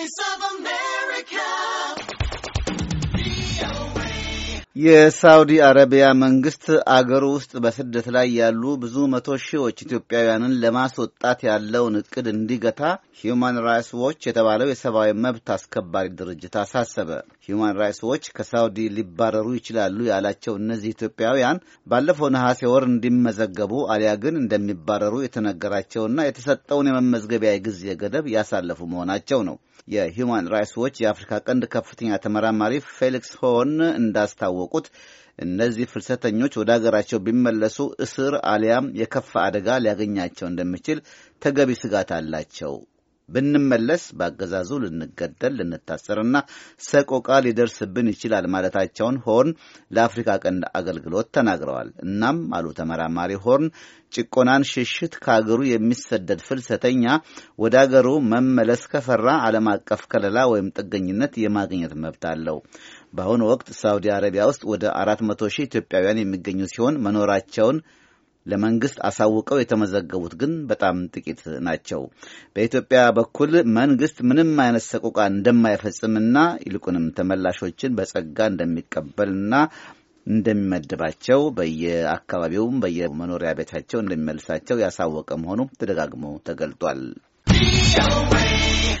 voice of የሳውዲ አረቢያ መንግስት አገር ውስጥ በስደት ላይ ያሉ ብዙ መቶ ሺዎች ኢትዮጵያውያንን ለማስወጣት ያለውን እቅድ እንዲገታ ሂዩማን ራይትስ ዎች የተባለው የሰብአዊ መብት አስከባሪ ድርጅት አሳሰበ። ሂዩማን ራይትስ ዎች ከሳውዲ ሊባረሩ ይችላሉ ያላቸው እነዚህ ኢትዮጵያውያን ባለፈው ነሐሴ ወር እንዲመዘገቡ አሊያ ግን እንደሚባረሩ የተነገራቸውና የተሰጠውን የመመዝገቢያ ጊዜ ገደብ ያሳለፉ መሆናቸው ነው። የሂዩማን ራይትስ ዎች የአፍሪካ ቀንድ ከፍተኛ ተመራማሪ ፌሊክስ ሆን እንዳስታወቁ እንዳስታወቁት እነዚህ ፍልሰተኞች ወደ አገራቸው ቢመለሱ እስር አሊያም የከፋ አደጋ ሊያገኛቸው እንደሚችል ተገቢ ስጋት አላቸው ብንመለስ በአገዛዙ ልንገደል፣ ልንታሰርና ሰቆቃ ሊደርስብን ይችላል ማለታቸውን ሆርን ለአፍሪካ ቀንድ አገልግሎት ተናግረዋል። እናም አሉ ተመራማሪ ሆርን ጭቆናን ሽሽት ከአገሩ የሚሰደድ ፍልሰተኛ ወደ አገሩ መመለስ ከፈራ ዓለም አቀፍ ከለላ ወይም ጥገኝነት የማግኘት መብት አለው። በአሁኑ ወቅት ሳውዲ አረቢያ ውስጥ ወደ አራት መቶ ሺህ ኢትዮጵያውያን የሚገኙ ሲሆን መኖራቸውን ለመንግስት አሳውቀው የተመዘገቡት ግን በጣም ጥቂት ናቸው። በኢትዮጵያ በኩል መንግስት ምንም አይነት ሰቆቃ እንደማይፈጽምና ይልቁንም ተመላሾችን በጸጋ እንደሚቀበልና እንደሚመድባቸው በየአካባቢውም በየመኖሪያ ቤታቸው እንደሚመልሳቸው ያሳወቀ መሆኑ ተደጋግሞ ተገልጧል።